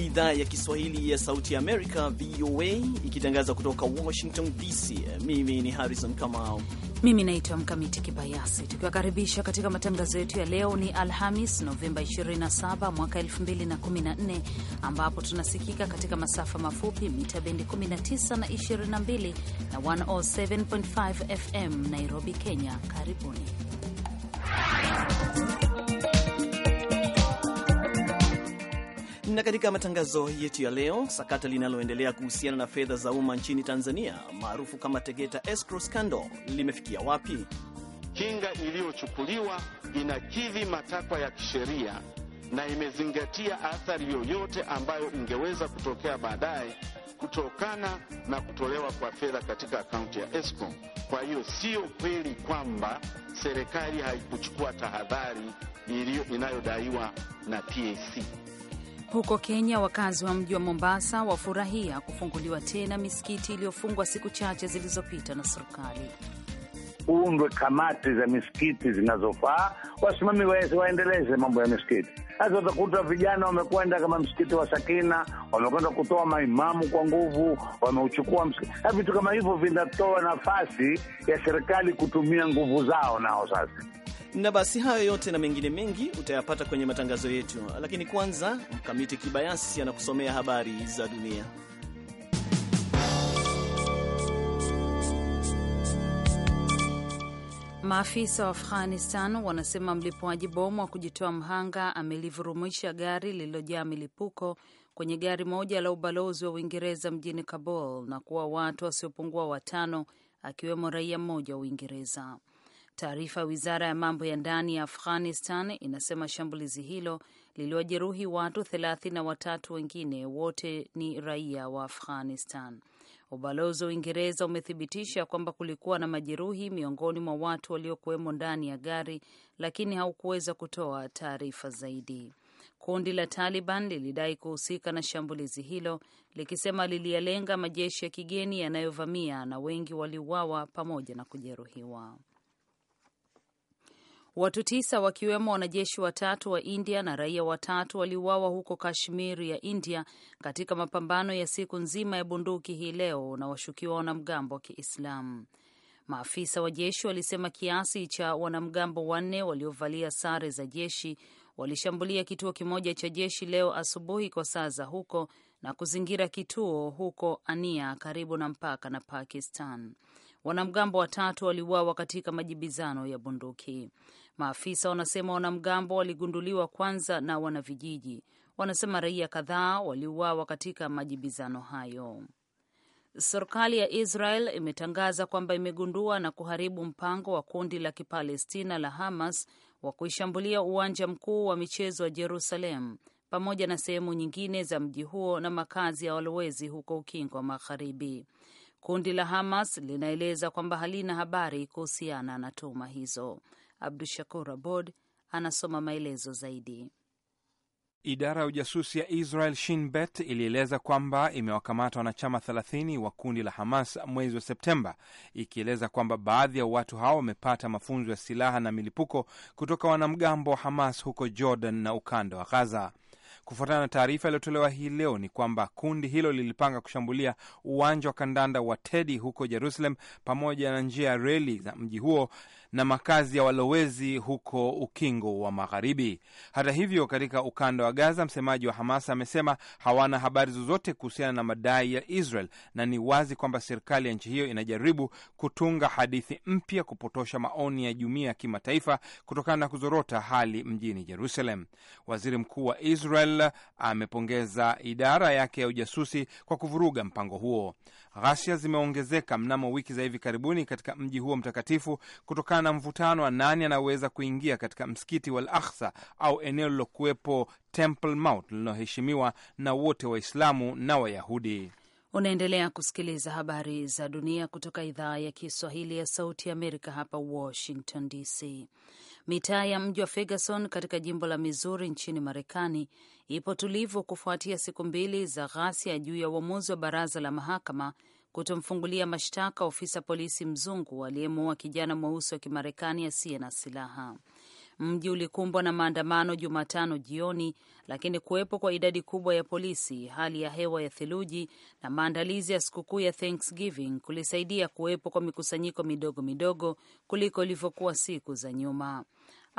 idhaa ya Kiswahili ya Sauti ya Amerika, VOA, ikitangaza kutoka Washington DC. Mimi ni Harrison Kamau. Mimi naitwa Mkamiti Kibayasi, tukiwakaribisha katika matangazo yetu ya leo. Ni Alhamis, Novemba 27 mwaka 2014, ambapo tunasikika katika masafa mafupi mita bendi 19 na 22 na 107.5 FM Nairobi, Kenya. Karibuni. Na katika matangazo yetu ya leo, sakata linaloendelea kuhusiana na fedha za umma nchini Tanzania maarufu kama Tegeta escrow scandal limefikia wapi? Kinga iliyochukuliwa inakidhi matakwa ya kisheria na imezingatia athari yoyote ambayo ingeweza kutokea baadaye kutokana na kutolewa kwa fedha katika akaunti ya escrow. Kwa hiyo sio kweli kwamba serikali haikuchukua tahadhari inayodaiwa na TAC. Huko Kenya, wakazi wa mji wa Mombasa wafurahia kufunguliwa tena misikiti iliyofungwa siku chache zilizopita na serikali. Uundwe kamati za misikiti zinazofaa, wasimami waendeleze mambo ya misikiti. Sasa utakuta vijana wamekwenda kama msikiti wa Sakina, wamekwenda kutoa maimamu kwa nguvu, wameuchukua msikiti na vitu kama hivyo, vinatoa nafasi ya serikali kutumia nguvu zao nao sasa na basi hayo yote na mengine mengi utayapata kwenye matangazo yetu, lakini kwanza Mkamiti Kibayasi anakusomea habari za dunia. Maafisa wa Afghanistan wanasema mlipuaji bomu wa kujitoa mhanga amelivurumisha gari lililojaa milipuko kwenye gari moja la ubalozi wa Uingereza mjini Kabul na kuwa watu wasiopungua watano akiwemo raia mmoja wa Uingereza. Taarifa ya wizara ya mambo ya ndani ya Afghanistan inasema shambulizi hilo liliwajeruhi watu thelathini na watatu, wengine wote ni raia wa Afghanistan. Ubalozi wa Uingereza umethibitisha kwamba kulikuwa na majeruhi miongoni mwa watu waliokuwemo ndani ya gari, lakini haukuweza kutoa taarifa zaidi. Kundi la Taliban lilidai kuhusika na shambulizi hilo likisema liliyalenga majeshi ya kigeni yanayovamia na wengi waliuawa pamoja na kujeruhiwa. Watu tisa wakiwemo wanajeshi watatu wa India na raia watatu waliuawa huko Kashmir ya India katika mapambano ya siku nzima ya bunduki hii leo na washukiwa wanamgambo wa Kiislamu. Maafisa wa jeshi walisema kiasi cha wanamgambo wanne waliovalia sare za jeshi walishambulia kituo kimoja cha jeshi leo asubuhi kwa saa za huko na kuzingira kituo huko Ania karibu na mpaka na Pakistan. Wanamgambo watatu waliuawa katika majibizano ya bunduki. Maafisa wanasema wanamgambo waligunduliwa kwanza na wanavijiji. Wanasema raia kadhaa waliuawa katika majibizano hayo. Serikali ya Israel imetangaza kwamba imegundua na kuharibu mpango wa kundi la Kipalestina la Hamas wa kuishambulia uwanja mkuu wa michezo wa Jerusalem pamoja na sehemu nyingine za mji huo na makazi ya walowezi huko Ukingo wa Magharibi. Kundi la Hamas linaeleza kwamba halina habari kuhusiana na tuhuma hizo. Abdu Shakur Abod anasoma maelezo zaidi. Idara ya ujasusi ya Israel Shin Bet ilieleza kwamba imewakamata wanachama 30 wa kundi la Hamas mwezi wa Septemba, ikieleza kwamba baadhi ya watu hao wamepata mafunzo ya silaha na milipuko kutoka wanamgambo wa Hamas huko Jordan na ukanda wa Ghaza. Kufuatana na taarifa iliyotolewa hii leo ni kwamba kundi hilo lilipanga kushambulia uwanja wa kandanda wa Tedi huko Jerusalem pamoja na njia ya reli za mji huo na makazi ya walowezi huko ukingo wa Magharibi. Hata hivyo, katika ukanda wa Gaza, msemaji wa Hamas amesema hawana habari zozote kuhusiana na madai ya Israel na ni wazi kwamba serikali ya nchi hiyo inajaribu kutunga hadithi mpya kupotosha maoni ya jumuiya ya kimataifa kutokana na kuzorota hali mjini Jerusalem. Waziri mkuu wa Israel amepongeza idara yake ya ujasusi kwa kuvuruga mpango huo. Ghasia zimeongezeka mnamo wiki za hivi karibuni katika mji huo mtakatifu kutokana na mvutano wa nani anaweza kuingia katika msikiti wa al au eneo lilokuwepo Temple Mount linaloheshimiwa na wote Waislamu na Wayahudi. Unaendelea kusikiliza habari za dunia kutoka idhaa ya Kiswahili ya Sauti ya Amerika hapa Washington DC. Mitaa ya mji wa Ferguson katika jimbo la Missouri nchini Marekani ipo tulivu kufuatia siku mbili za ghasia juu ya uamuzi wa baraza la mahakama kutomfungulia mashtaka ofisa polisi mzungu aliyemuua kijana mweusi wa Kimarekani asiye na silaha. Mji ulikumbwa na maandamano Jumatano jioni, lakini kuwepo kwa idadi kubwa ya polisi, hali ya hewa ya theluji na maandalizi ya sikukuu ya Thanksgiving kulisaidia kuwepo kwa mikusanyiko midogo midogo kuliko ilivyokuwa siku za nyuma.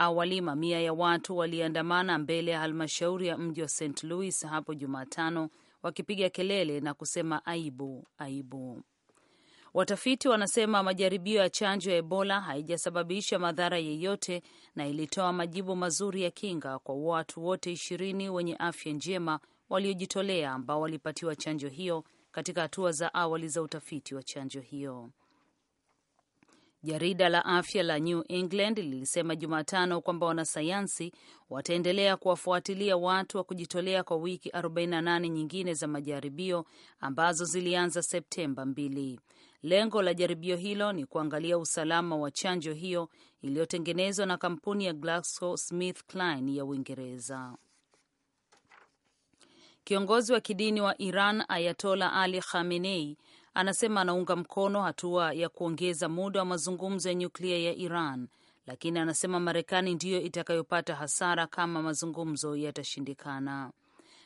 Awali mamia ya watu waliandamana mbele ya halmashauri ya mji wa St Louis hapo Jumatano wakipiga kelele na kusema aibu, aibu. Watafiti wanasema majaribio ya chanjo ya Ebola haijasababisha madhara yeyote na ilitoa majibu mazuri ya kinga kwa watu wote ishirini wenye afya njema waliojitolea ambao walipatiwa chanjo hiyo katika hatua za awali za utafiti wa chanjo hiyo. Jarida la afya la New England lilisema Jumatano kwamba wanasayansi wataendelea kuwafuatilia watu wa kujitolea kwa wiki 48 nyingine za majaribio ambazo zilianza Septemba 2. Lengo la jaribio hilo ni kuangalia usalama wa chanjo hiyo iliyotengenezwa na kampuni ya GlaxoSmithKline ya Uingereza. Kiongozi wa kidini wa Iran Ayatola Ali Khamenei anasema anaunga mkono hatua ya kuongeza muda wa mazungumzo ya nyuklia ya Iran, lakini anasema Marekani ndiyo itakayopata hasara kama mazungumzo yatashindikana.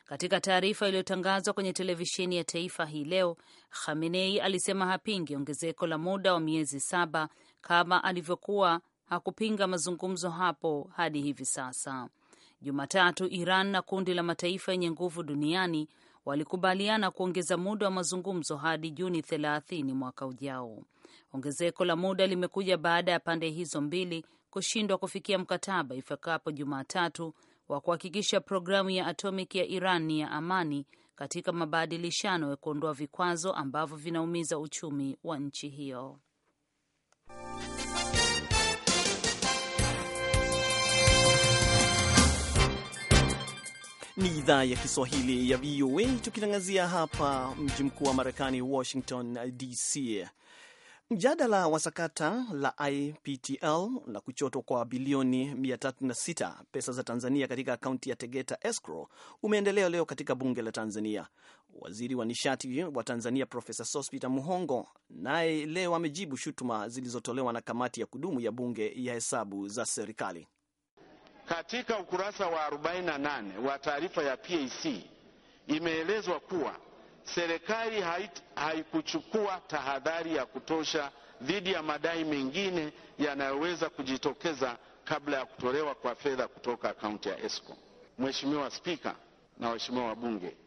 Katika taarifa iliyotangazwa kwenye televisheni ya taifa hii leo, Khamenei alisema hapingi ongezeko la muda wa miezi saba kama alivyokuwa hakupinga mazungumzo hapo hadi hivi sasa. Jumatatu, Iran na kundi la mataifa yenye nguvu duniani walikubaliana kuongeza muda wa mazungumzo hadi Juni 30 mwaka ujao. Ongezeko la muda limekuja baada ya pande hizo mbili kushindwa kufikia mkataba ifikapo Jumatatu wa kuhakikisha programu ya atomic ya Iran ni ya amani katika mabadilishano ya kuondoa vikwazo ambavyo vinaumiza uchumi wa nchi hiyo. Ni idhaa ya Kiswahili ya VOA tukitangazia hapa mji mkuu wa Marekani, Washington DC. Mjadala wa sakata la IPTL na kuchotwa kwa bilioni 306 pesa za Tanzania katika akaunti ya Tegeta Escrow umeendelea leo katika bunge la Tanzania. Waziri wa nishati wa Tanzania Profesa Sospeter Muhongo naye leo amejibu shutuma zilizotolewa na kamati ya kudumu ya bunge ya hesabu za serikali. Katika ukurasa wa 48 wa taarifa ya PAC imeelezwa kuwa serikali haikuchukua tahadhari ya kutosha dhidi ya madai mengine yanayoweza kujitokeza kabla ya kutolewa kwa fedha kutoka akaunti ya esco Mheshimiwa Spika na waheshimiwa wabunge,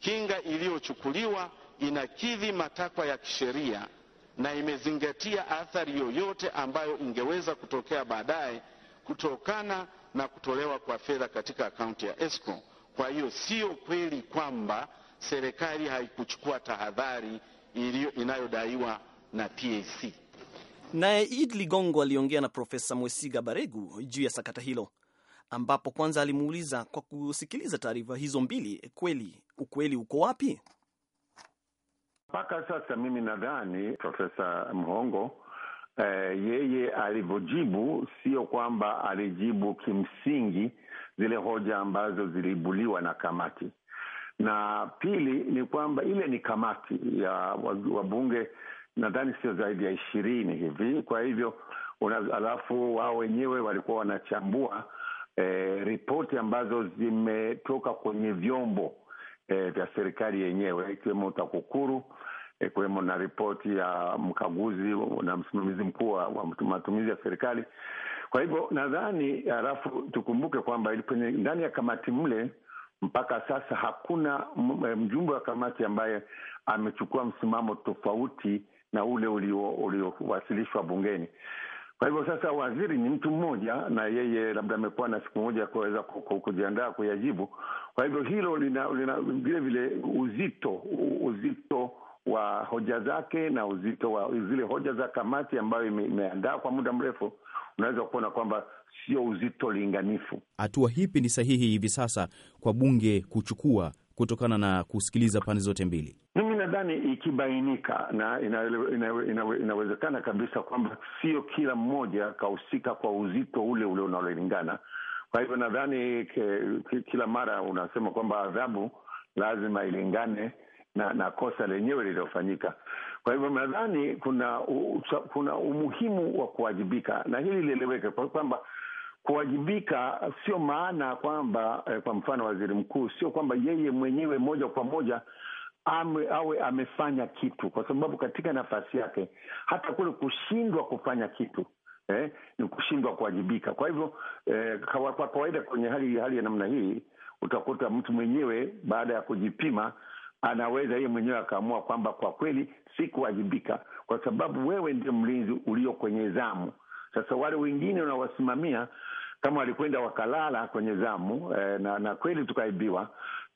kinga iliyochukuliwa inakidhi matakwa ya kisheria na imezingatia athari yoyote ambayo ingeweza kutokea baadaye kutokana na kutolewa kwa fedha katika akaunti ya escrow. Kwa hiyo sio kweli kwamba serikali haikuchukua tahadhari inayodaiwa na TAC. Naye Id Ligongo aliongea na Profesa Mwesiga Baregu juu ya sakata hilo, ambapo kwanza alimuuliza kwa kusikiliza taarifa hizo mbili, kweli ukweli uko wapi? Mpaka sasa mimi nadhani Profesa Mhongo eh, yeye alivyojibu, sio kwamba alijibu kimsingi zile hoja ambazo ziliibuliwa na kamati. Na pili ni kwamba ile ni kamati ya wabunge, nadhani sio zaidi ya ishirini hivi. Kwa hivyo alafu wao wenyewe walikuwa wanachambua eh, ripoti ambazo zimetoka kwenye vyombo eh, vya serikali yenyewe ikiwemo TAKUKURU ikiwemo na ripoti ya mkaguzi na msimamizi mkuu wa matumizi ya serikali. Kwa hivyo nadhani, halafu tukumbuke kwamba ndani ya kamati mle mpaka sasa hakuna eh, mjumbe wa kamati ambaye amechukua msimamo tofauti na ule uliowasilishwa ulio bungeni. Kwa hivyo sasa, waziri ni mtu mmoja, na yeye labda amekuwa na siku moja kuweza kujiandaa kuyajibu. Kwa hivyo hilo lina vilevile uzito uzito wa hoja zake na uzito wa zile hoja za kamati ambayo imeandaa kwa muda mrefu, unaweza kuona kwamba sio uzito linganifu. Hatua hipi ni sahihi hivi sasa kwa bunge kuchukua kutokana na kusikiliza pande zote mbili? Mimi nadhani ikibainika na inawezekana kabisa kwamba sio kila mmoja kahusika kwa uzito ule ule unaolingana. Kwa hivyo nadhani kila mara unasema kwamba adhabu lazima ilingane na na kosa lenyewe lililofanyika. Kwa hivyo nadhani kuna kuna umuhimu wa kuwajibika, na hili lieleweke kwamba kuwajibika sio maana kwamba eh, kwa mfano waziri mkuu sio kwamba yeye mwenyewe moja kwa moja ame, awe amefanya kitu, kwa sababu katika nafasi yake hata kule kushindwa kufanya kitu eh, ni kushindwa kuwajibika. Kwa hivyo eh, kwa kawaida kwenye hali hali ya namna hii utakuta mtu mwenyewe baada ya kujipima anaweza yeye mwenyewe akaamua kwamba kwa kweli sikuwajibika, kwa sababu wewe ndio mlinzi ulio kwenye zamu. Sasa wale wengine unawasimamia kama walikwenda wakalala kwenye zamu eh, na, na kweli tukaibiwa.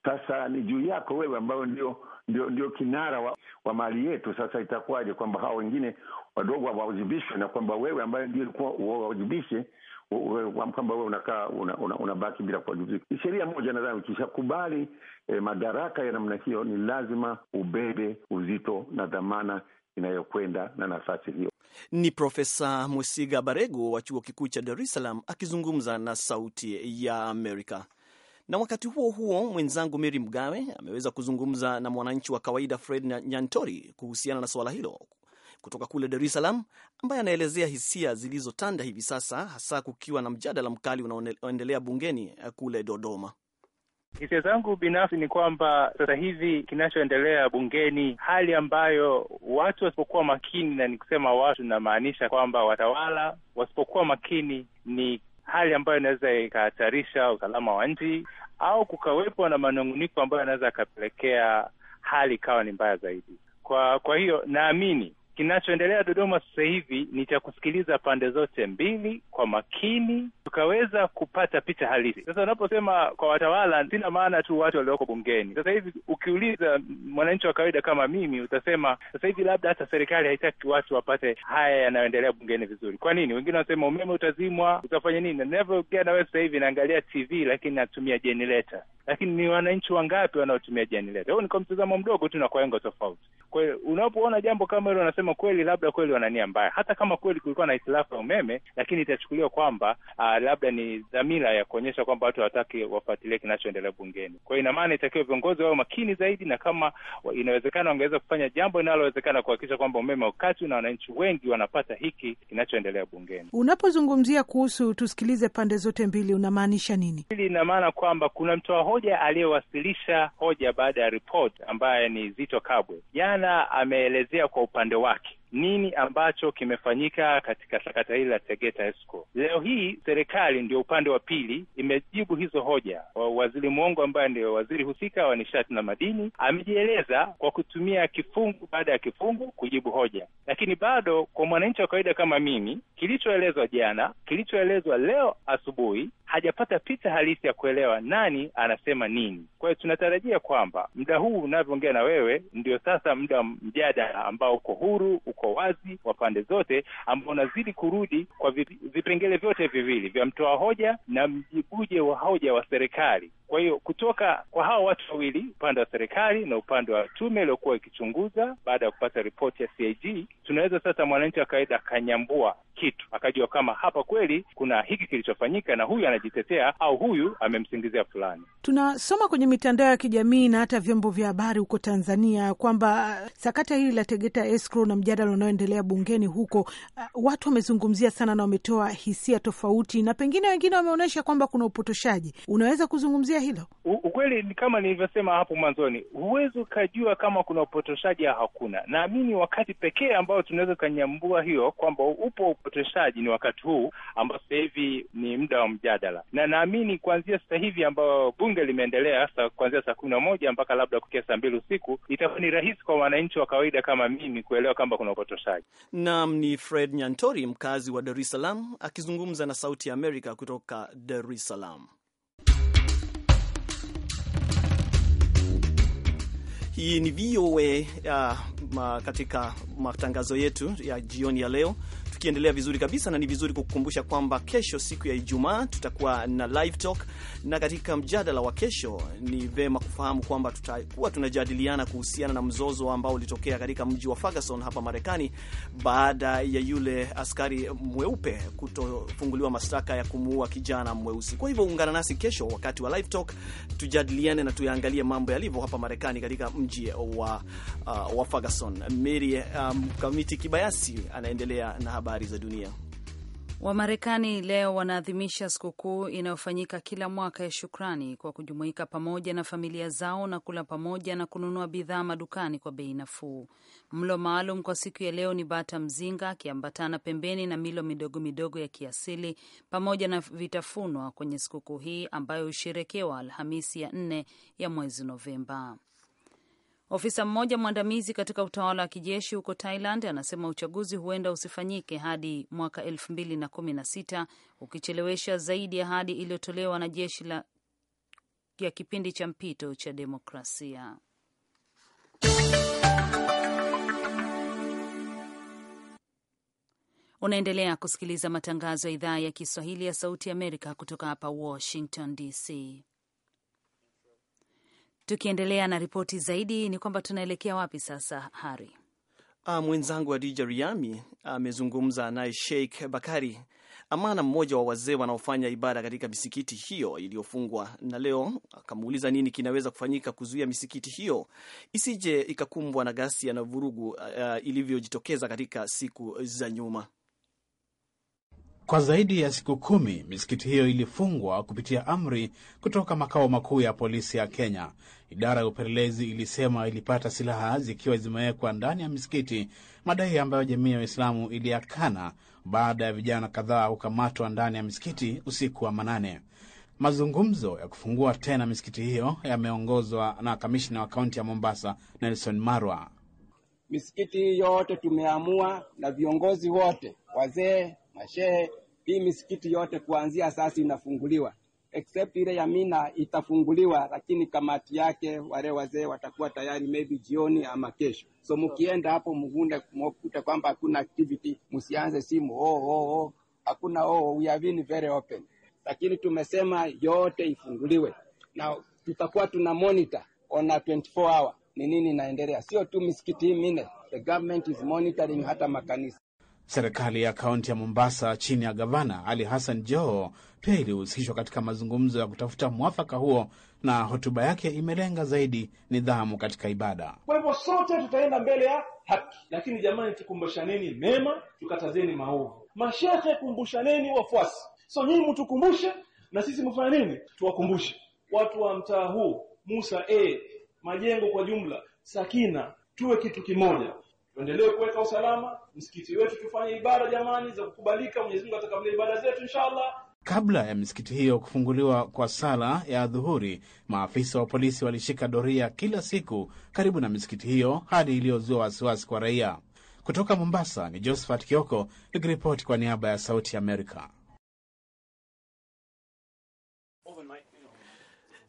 Sasa ni juu yako wewe ambayo ndio, ndio, ndio kinara wa, wa mali yetu. Sasa itakuwaje kwamba hao wengine wadogo wawajibishwe na kwamba wewe ambaye ndio ulikuwa uwawajibishe kwamba wewe unakaa unabaki una, una bila kuwajibika. Sheria moja nadhani ukishakubali eh, madaraka ya namna hiyo, ni lazima ubebe uzito na dhamana inayokwenda na nafasi hiyo. Ni Profesa Mwesiga Baregu wa chuo kikuu cha Dar es Salaam akizungumza na Sauti ya Amerika. Na wakati huo huo, mwenzangu Meri Mgawe ameweza kuzungumza na mwananchi wa kawaida Fred Nyantori kuhusiana na suala hilo, kutoka kule Dar es Salaam, ambaye anaelezea hisia zilizotanda hivi sasa, hasa kukiwa na mjadala mkali unaoendelea bungeni eh, kule Dodoma. Hisia zangu binafsi ni kwamba sasa hivi kinachoendelea bungeni, hali ambayo watu wasipokuwa makini, na nikusema watu namaanisha kwamba watawala wasipokuwa makini, ni hali ambayo inaweza ikahatarisha usalama wa nchi au kukawepo na manunguniko ambayo yanaweza akapelekea hali ikawa ni mbaya zaidi. Kwa kwa hiyo naamini Kinachoendelea Dodoma sasa hivi ni cha kusikiliza pande zote mbili kwa makini, tukaweza kupata picha halisi. Sasa unaposema kwa watawala, sina maana tu watu walioko bungeni. Sasa hivi ukiuliza mwananchi wa kawaida kama mimi, utasema sasa hivi labda hata serikali haitaki watu wapate haya yanayoendelea bungeni vizuri. Kwa nini? Wengine wanasema umeme utazimwa, utafanya nini? Ninavyoongea na wewe sasa hivi naangalia TV lakini natumia jenileta. lakini ni wananchi wangapi wanaotumia jenileta? Huu ni kwa mtazamo mdogo tu na kwa engo tofauti. Kwa unapoona jambo kama hilo, unasema kweli, labda kweli wana nia mbaya, hata kama kweli kulikuwa na hitilafu ya umeme, lakini itachukuliwa kwamba uh, labda ni dhamira ya kuonyesha kwamba watu hawataki wafuatilie kinachoendelea bungeni. Kwa hiyo ina maana itakiwa viongozi wawe makini zaidi, na kama inawezekana wangeweza kufanya jambo linalowezekana kuhakikisha kwamba umeme wakati na wananchi wengi wanapata hiki kinachoendelea bungeni. Unapozungumzia kuhusu tusikilize pande zote mbili, unamaanisha nini? Hili ina maana kwamba kuna mtoa hoja aliyewasilisha hoja baada ya ripoti ambaye ni Zito Kabwe jana Bwana ameelezea kwa upande wake nini ambacho kimefanyika katika sakata hili la Tegeta Esco. Leo hii serikali ndio upande wa pili imejibu hizo hoja. Waziri Mwongo ambaye ndio waziri husika wa nishati na madini amejieleza kwa kutumia kifungu baada ya kifungu kujibu hoja, lakini bado kwa mwananchi wa kawaida kama mimi, kilichoelezwa jana, kilichoelezwa leo asubuhi hajapata picha halisi ya kuelewa nani anasema nini. Kwa hiyo tunatarajia kwamba muda huu unavyoongea na wewe ndio sasa muda mjadala ambao uko huru uko kwa wazi wa pande zote, ambao unazidi kurudi kwa vipengele vyote viwili vya mtoa hoja na mjibuje wa hoja wa serikali. Kwa hiyo kutoka kwa hawa watu wawili, upande wa serikali na upande wa tume iliyokuwa ikichunguza baada ya kupata ripoti ya CAG, tunaweza sasa mwananchi wa kawaida akanyambua kitu akajua kama hapa kweli kuna hiki kilichofanyika, na huyu anajitetea au huyu amemsingizia fulani. Tunasoma kwenye mitandao ya kijamii na hata vyombo vya habari huko Tanzania kwamba sakata hili la Tegeta Escrow na mjadala unaoendelea bungeni huko, uh, watu wamezungumzia sana na wametoa hisia tofauti, na pengine wengine wameonyesha kwamba kuna upotoshaji. Unaweza kuzungumzia hilo? U, ukweli ni kama nilivyosema hapo mwanzoni, huwezi ukajua kama kuna upotoshaji au hakuna. Naamini wakati pekee ambao tunaweza ukanyambua hiyo kwamba upo upotoshaji ni wakati huu ambao sasa hivi ni muda wa mjadala, na naamini kuanzia sasa hivi ambao bunge limeendelea sasa, kuanzia saa kumi na moja mpaka labda kukia saa mbili usiku, itakuwa ni rahisi kwa wananchi wa kawaida kama mimi kuelewa kwamba kuna upotoshaji. Naam, ni Fred Nyantori, mkazi wa Dar es Salaam, akizungumza na Sauti ya Amerika kutoka Dar es Salaam. Hii ni VOA uh, ah, katika matangazo yetu ya jioni ya leo tukiendelea vizuri kabisa, na ni vizuri kukukumbusha kwamba kesho, siku ya Ijumaa, tutakuwa na live talk, na katika mjadala wa kesho ni vema kufahamu kwamba tutakuwa tunajadiliana kuhusiana na mzozo ambao ulitokea katika mji wa Ferguson hapa Marekani baada ya yule askari mweupe kutofunguliwa mashtaka ya kumuua kijana mweusi. Kwa hivyo ungana nasi kesho wakati wa live talk, tujadiliane na tuyaangalie mambo yalivyo hapa Marekani katika mji wa, uh, wa Ferguson. Mary um, uh, Kamiti Kibayasi anaendelea na habari habari za dunia. Wamarekani leo wanaadhimisha sikukuu inayofanyika kila mwaka ya Shukrani kwa kujumuika pamoja na familia zao na kula pamoja na kununua bidhaa madukani kwa bei nafuu. Mlo maalum kwa siku ya leo ni bata mzinga akiambatana pembeni na milo midogo midogo ya kiasili pamoja na vitafunwa kwenye sikukuu hii ambayo husherekewa Alhamisi ya nne ya mwezi Novemba. Ofisa mmoja mwandamizi katika utawala wa kijeshi huko Thailand anasema uchaguzi huenda usifanyike hadi mwaka elfu mbili na kumi na sita ukichelewesha zaidi ya hadi iliyotolewa na jeshi la ya kipindi cha mpito cha demokrasia. Unaendelea kusikiliza matangazo ya idhaa ya Kiswahili ya Sauti ya Amerika kutoka hapa Washington DC. Tukiendelea na ripoti zaidi, ni kwamba tunaelekea wapi sasa, Hari? Ah, mwenzangu Adija Riami amezungumza naye Sheikh Bakari Amana, mmoja wa wazee wanaofanya ibada katika misikiti hiyo iliyofungwa, na leo akamuuliza nini kinaweza kufanyika kuzuia misikiti hiyo isije ikakumbwa na ghasia na vurugu uh, ilivyojitokeza katika siku za nyuma. Kwa zaidi ya siku kumi misikiti hiyo ilifungwa kupitia amri kutoka makao makuu ya polisi ya Kenya. Idara ya upelelezi ilisema ilipata silaha zikiwa zimewekwa ndani ya misikiti, madai ambayo jamii ya Waislamu iliyakana baada ya vijana kadhaa kukamatwa ndani ya misikiti usiku wa manane. Mazungumzo ya kufungua tena misikiti hiyo yameongozwa na kamishna wa kaunti ya Mombasa, Nelson Marwa. Misikiti yote tumeamua na viongozi wote, wazee, mashehe hii misikiti yote kuanzia sasa inafunguliwa except ile ya Mina itafunguliwa, lakini kamati yake wale wazee watakuwa tayari maybe jioni ama kesho. So mkienda hapo mgunde mkuta kwamba hakuna activity, msianze simu oh, oh, oh. Hakuna oh, we have been very open, lakini tumesema yote ifunguliwe na tutakuwa tuna monitor on a 24 hour ni nini inaendelea, sio tu misikiti hii mine. The government is monitoring hata makanisa. Serikali ya kaunti ya Mombasa chini ya gavana Ali Hassan Joho pia ilihusishwa katika mazungumzo ya kutafuta mwafaka huo, na hotuba yake imelenga zaidi nidhamu katika ibada. Kwa hivyo sote tutaenda mbele ya haki, lakini jamani, tukumbushaneni mema, tukatazeni maovu. Mashehe, kumbushaneni wafuasi. So nyinyi mtukumbushe na sisi mfanya nini, tuwakumbushe watu wa mtaa huu Musa e majengo kwa jumla, Sakina, tuwe kitu kimoja tuendelee kuweka usalama msikiti wetu, tufanye ibada jamani za kukubalika. Mwenyezi Mungu atakamilia ibada zetu inshallah. Kabla ya misikiti hiyo kufunguliwa kwa sala ya dhuhuri, maafisa wa polisi walishika doria kila siku karibu na misikiti hiyo, hali iliyozua wasiwasi kwa raia. Kutoka Mombasa ni Josephat Kioko nikiripoti kwa niaba ya Sauti Amerika.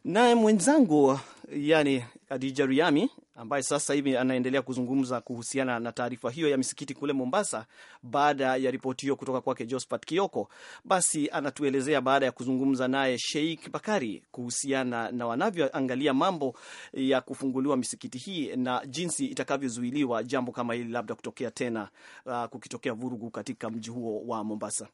Naye mwenzangu yani riami ambaye sasa hivi anaendelea kuzungumza kuhusiana na taarifa hiyo ya misikiti kule Mombasa baada ya ripoti hiyo kutoka kwake Josphat Kioko. Basi anatuelezea baada ya kuzungumza naye Sheikh Bakari kuhusiana na wanavyoangalia mambo ya kufunguliwa misikiti hii na jinsi itakavyozuiliwa jambo kama hili labda kutokea tena, uh, kukitokea vurugu katika mji huo wa Mombasa.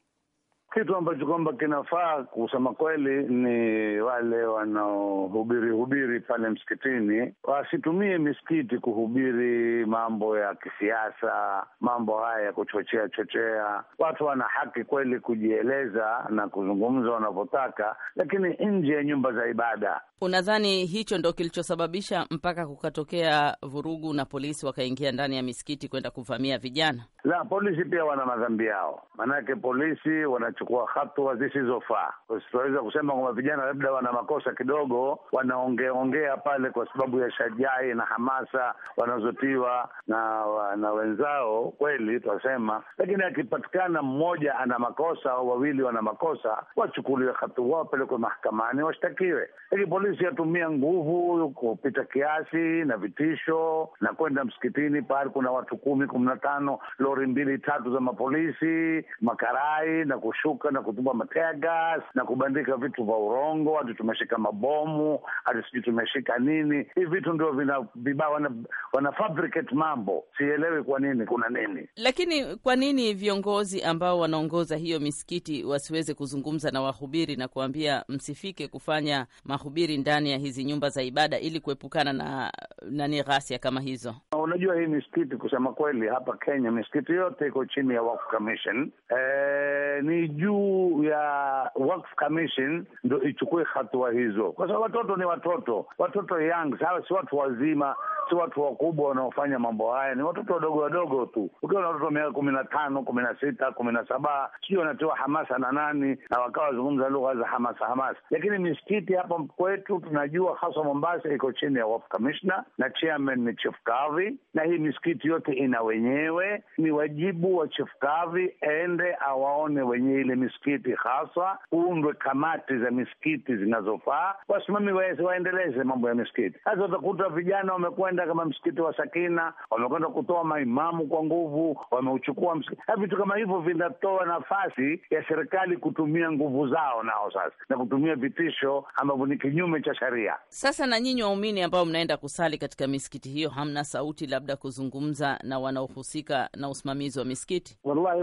Kitu ambacho kwamba kinafaa kusema kweli ni wale wanaohubiri hubiri pale msikitini wasitumie misikiti kuhubiri mambo ya kisiasa, mambo haya ya kuchochea chochea. Watu wana haki kweli kujieleza na kuzungumza wanavyotaka, lakini nje ya nyumba za ibada. Unadhani hicho ndo kilichosababisha mpaka kukatokea vurugu na polisi wakaingia ndani ya misikiti kwenda kuvamia vijana? La, polisi pia wana madhambi yao, maanake polisi wanachukua hatua zisizofaa. Tunaweza kusema kwamba vijana labda wana makosa kidogo, wanaongeongea pale kwa sababu ya shajai na hamasa wanazotiwa na na wenzao, kweli tunasema. Lakini akipatikana mmoja ana makosa au wawili wana makosa, wachukuliwe hatua, wapelekwe mahakamani, washtakiwe. Lakini polisi yatumia nguvu kupita kiasi na vitisho na kwenda msikitini, pahali kuna watu kumi kumi na tano, lori mbili tatu za mapolisi, makarai na kushuka na kutuba mategas na kubandika vitu vya urongo, hati tumeshika mabomu, hati sijui tumeshika nini. Hii vitu ndio vinavibaa, wana, wana fabricate mambo, sielewi kwa nini, kuna nini. Lakini kwa nini viongozi ambao wanaongoza hiyo misikiti wasiweze kuzungumza na wahubiri na kuambia msifike kufanya mahubiri ndani ya hizi nyumba za ibada ili kuepukana na nani ghasia kama hizo? unajua hii misikiti kusema kweli, hapa Kenya misikiti yote iko chini ya Wakf Commission. E, ni juu ya Commission ndo ichukue hatua hizo, kwa sababu watoto ni watoto, watoto young, sawa, si watu wazima si watu wakubwa wanaofanya mambo haya, ni watoto wadogo wadogo tu. Ukiwa na watoto wa miaka kumi na tano, kumi na sita, kumi na saba, sijui wanatiwa hamasa na nani, na wakawa wazungumza lugha za hamasa hamasa. Lakini misikiti hapa kwetu tunajua, hasa Mombasa, iko chini ya Commissioner na chairman ni Chief Kavi na hii misikiti yote ina wenyewe. Ni wajibu wa chefkavi ende awaone wenye ile misikiti, haswa kuundwe kamati za misikiti zinazofaa, wasimami waendeleze mambo ya misikiti. Sasa utakuta vijana wamekwenda kama msikiti wa Sakina, wamekwenda kutoa maimamu kwa nguvu, wameuchukua msikiti. Vitu kama hivyo vinatoa nafasi ya serikali kutumia nguvu zao nao sasa na kutumia vitisho ambavyo ni kinyume cha sheria. Sasa na nyinyi waumini ambao mnaenda kusali katika misikiti hiyo, hamna sauti labda kuzungumza na wanaohusika na usimamizi wa misikiti? Wallahi,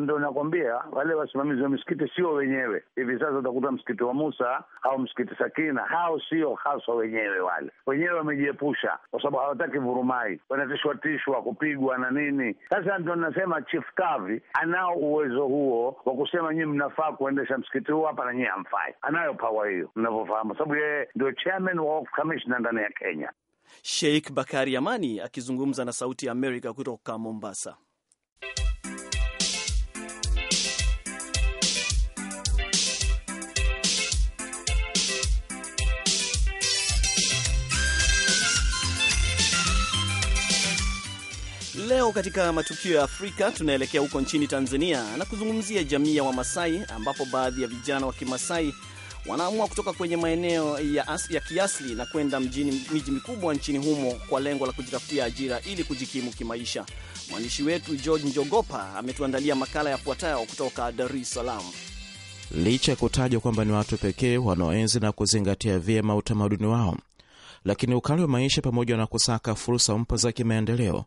ndo nakwambia wale wasimamizi wa misikiti sio wenyewe. Hivi sasa utakuta msikiti wa Musa au msikiti Sakina, hao sio haswa wenyewe. Wale wenyewe wamejiepusha, kwa sababu hawataki vurumai, wanatishwatishwa kupigwa na nini. Sasa ndo nasema Chief Kavi anao uwezo huo wa kusema nyie mnafaa kuendesha msikiti huo hapa na nyie hamfai. Anayo pawa hiyo mnavyofahamu, sababu yeye ndio chairman wa commissioner ndani ya Kenya. Sheikh Bakari Amani akizungumza na Sauti ya Amerika kutoka Mombasa. Leo katika matukio ya Afrika tunaelekea huko nchini Tanzania na kuzungumzia jamii ya Wamasai ambapo baadhi ya vijana wa Kimasai wanaamua kutoka kwenye maeneo ya, as, ya kiasli na kwenda mjini miji mikubwa nchini humo kwa lengo la kujitafutia ajira ili kujikimu kimaisha. Mwandishi wetu George Njogopa ametuandalia makala yafuatayo kutoka Dar es Salaam. Licha ya kutajwa kwamba ni watu pekee wanaoenzi na kuzingatia vyema utamaduni wao, lakini ukali wa maisha pamoja na kusaka fursa mpya za kimaendeleo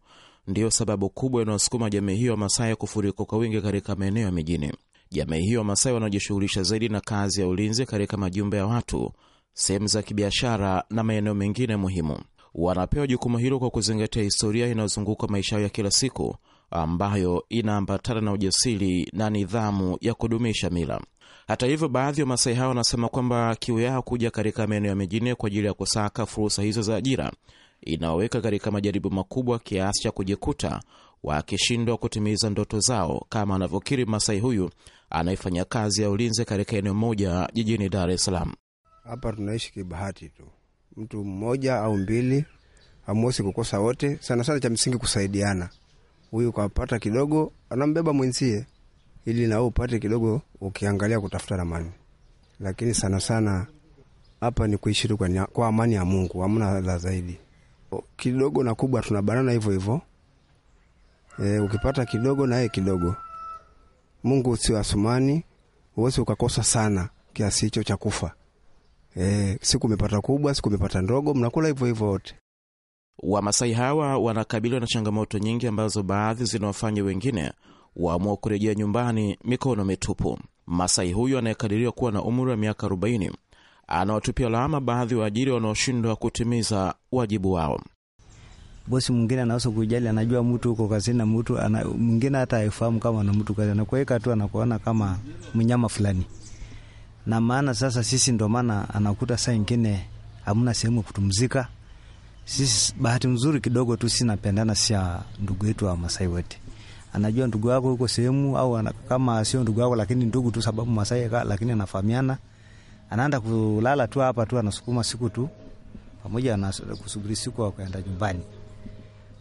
ndiyo sababu kubwa inayosukuma jamii hiyo Wamasai kufurika kwa wingi katika maeneo ya mijini. Jamii hiyo Wamasai wanaojishughulisha zaidi na kazi ya ulinzi katika majumba ya watu, sehemu za kibiashara na maeneo mengine muhimu, wanapewa jukumu hilo kwa kuzingatia historia inayozunguka maisha yao ya kila siku ambayo inaambatana na ujasiri na nidhamu ya kudumisha mila. Hata hivyo, baadhi ya Wamasai hao wanasema kwamba kiu yao kuja katika maeneo ya mijini kwa ajili ya kusaka fursa hizo za ajira inaoweka katika majaribu makubwa kiasi cha kujikuta wakishindwa kutimiza ndoto zao, kama anavyokiri Masai huyu anayefanya kazi ya ulinzi katika eneo moja jijini Dar es Salaam. Hapa tunaishi kibahati tu, mtu mmoja au mbili, hamuwezi kukosa wote. Sana sana cha msingi kusaidiana, huyu kapata kidogo anambeba mwenzie ili na upate kidogo, ukiangalia kutafuta ramani. Lakini sana sana hapa ni kuishi tu kwa amani ya Mungu, hamna la zaidi. Kidogo na kubwa tunabanana hivyo hivyo. E, ukipata kidogo naye yeye kidogo Mungu sio asumani, uwezi ukakosa sana kiasi hicho cha kufa. E, siku umepata kubwa, siku umepata ndogo, mnakula hivyo hivyo wote. Wamasai hawa wanakabiliwa na changamoto nyingi ambazo baadhi zinawafanya wengine waamua kurejea nyumbani mikono mitupu. Masai huyu anayekadiriwa kuwa na umri wa miaka 40 anawatupia lawama baadhi ya waajiri wanaoshindwa kutimiza wajibu wao bosi mwingine anaweza kujali, anajua mtu huko kazini na mtu mwingine hata haifahamu kama na mtu kazini, anakuweka tu anakuona kama mnyama fulani. Na maana sasa sisi ndo maana anakuta saa ingine hamna sehemu kutumzika. Sisi bahati mzuri kidogo tu, sisi napendana sia ndugu yetu wa Masai wote anajua ndugu yako yuko sehemu au ana, kama sio ndugu yako lakini ndugu tu, sababu Masai ka, lakini anafahamiana. Anaenda kulala tu hapa tu, anasukuma siku tu pamoja na kusubiri siku akaenda nyumbani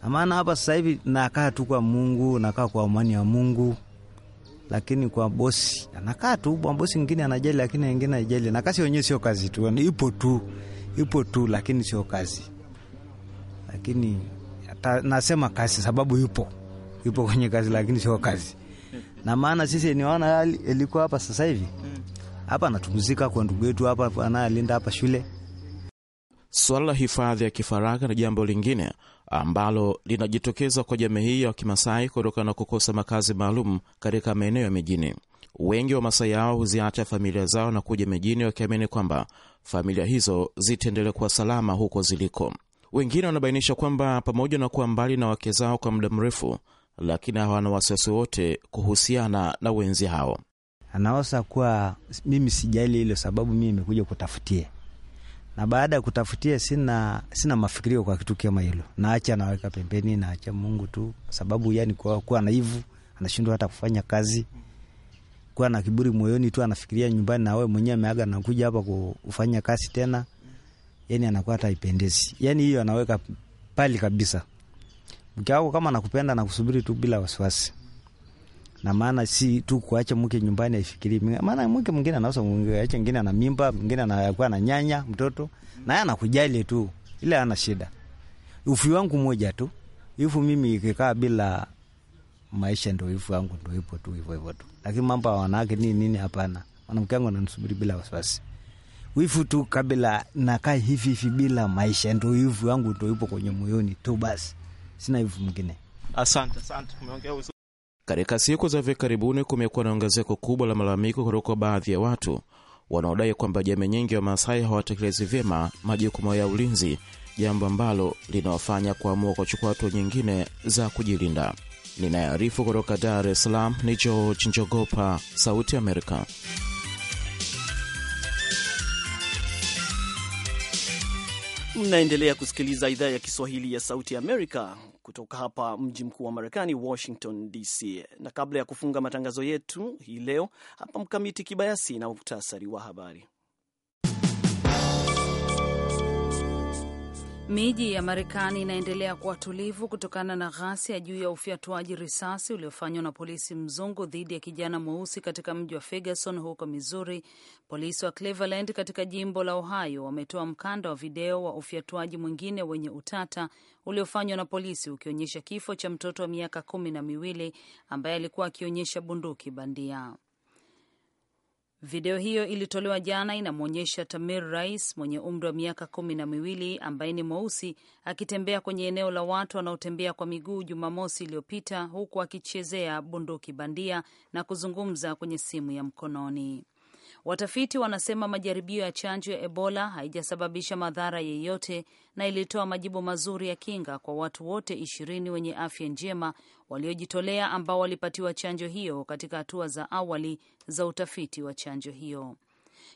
maana hapa sasa hivi nakaa tu kwa Mungu, nakaa kwa amani ya Mungu, lakini kwa bosi anakaa tu kwa bosi mwingine anajali, lakini wengine ajali. Na kazi yenyewe sio kazi tu, ipo tu, ipo tu, lakini sio kazi. Lakini ta, nasema kazi sababu ipo, ipo kwenye kazi, lakini sio kazi. Na maana sisi ni wana ilikuwa hapa sasa hivi hmm. hapa anatupumzika kwa ndugu yetu hapa, anayelinda hapa shule Suala la hifadhi ya kifaragha ni jambo lingine ambalo linajitokeza kwa jamii hii ya kimasai kutokana na kukosa makazi maalum katika maeneo ya mijini. Wengi wa Masai hao huziacha familia zao na kuja mijini wakiamini kwamba familia hizo zitaendelea kuwa salama huko ziliko. Wengine wanabainisha kwamba pamoja na kuwa mbali na wake zao kwa muda mrefu, lakini hawana wasiwasi wote kuhusiana na wenzi hao. Anaosa kuwa mimi sijali hilo, sababu mimi nimekuja kutafutia na baada ya kutafutia, sina sina mafikirio kwa kitu kama hilo, naacha naweka pembeni, naacha Mungu tu, sababu yani kwa kuwa naivu anashindwa hata kufanya kazi, kuwa na kiburi moyoni tu, anafikiria nyumbani, na wewe mwenyewe ameaga na kuja hapa kufanya kazi tena, yani anakuwa hata ipendezi, yani hiyo anaweka pali kabisa. Mke wako kama nakupenda, nakusubiri tu bila wasiwasi na maana si tu kuacha mke nyumbani aifikirie, maana mke mwingine anaosa, acha mwingine ana mimba, mwingine anakuwa na nyanya mtoto, naye anakujali tu, ile ana shida. Ufi wangu moja tu ifu mimi ikikaa bila maisha, ndo ifu wangu ndo ipo tu hivyo hivyo tu, lakini mambo ya wanawake nini nini, hapana. Mwanamke wangu ananisubiri bila wasiwasi, wifu tu kabila nakaa hivi hivi bila maisha, ndo hivu wangu ndo ipo kwenye moyoni tu, basi sina hivu mwingine. Asante, asante, umeongea katika siku za hivi karibuni kumekuwa na ongezeko kubwa la malalamiko kutoka baadhi ya watu wanaodai kwamba jamii nyingi ya Wamasai hawatekelezi vyema majukumu ya ulinzi, jambo ambalo linawafanya kuamua kuchukua hatua nyingine za kujilinda. Ninayearifu kutoka Dar es Salaam ni George Njogopa, Sauti Amerika. Mnaendelea kusikiliza idhaa ya Kiswahili ya Sauti Amerika kutoka hapa mji mkuu wa Marekani, Washington DC. Na kabla ya kufunga matangazo yetu hii leo hapa, Mkamiti Kibayasi na muhtasari wa habari. Miji ya Marekani inaendelea kuwa tulivu kutokana na ghasia juu ya ufyatuaji risasi uliofanywa na polisi mzungu dhidi ya kijana mweusi katika mji wa Ferguson huko Missouri. Polisi wa Cleveland katika jimbo la Ohio wametoa mkanda wa video wa ufyatuaji mwingine wenye utata uliofanywa na polisi ukionyesha kifo cha mtoto wa miaka kumi na miwili ambaye alikuwa akionyesha bunduki bandia. Video hiyo ilitolewa jana, inamwonyesha Tamir Rais mwenye umri wa miaka kumi na miwili ambaye ni mweusi akitembea kwenye eneo la watu wanaotembea kwa miguu Jumamosi iliyopita, huku akichezea bunduki bandia na kuzungumza kwenye simu ya mkononi. Watafiti wanasema majaribio ya chanjo ya Ebola haijasababisha madhara yeyote na ilitoa majibu mazuri ya kinga kwa watu wote ishirini wenye afya njema waliojitolea ambao walipatiwa chanjo hiyo katika hatua za awali za utafiti wa chanjo hiyo.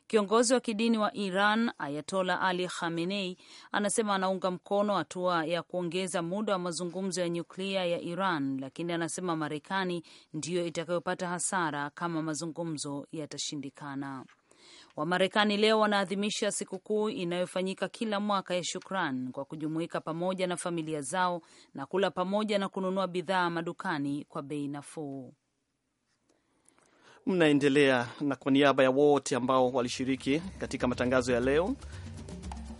Kiongozi wa kidini wa Iran Ayatola Ali Khamenei anasema anaunga mkono hatua ya kuongeza muda wa mazungumzo ya nyuklia ya Iran, lakini anasema Marekani ndiyo itakayopata hasara kama mazungumzo yatashindikana. Wamarekani leo wanaadhimisha sikukuu inayofanyika kila mwaka ya Shukran kwa kujumuika pamoja na familia zao na kula pamoja na kununua bidhaa madukani kwa bei nafuu mnaendelea na kwa niaba ya wote ambao walishiriki katika matangazo ya leo,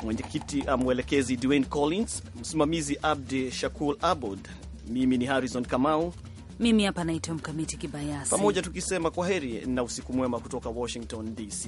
mwenyekiti ah, mwelekezi Dwayne Collins, msimamizi Abdi Shakul Abud, mimi ni Harrison Kamau, mimi hapa naitwa Mkamiti Kibayasi, pamoja tukisema kwa heri na usiku mwema kutoka Washington DC.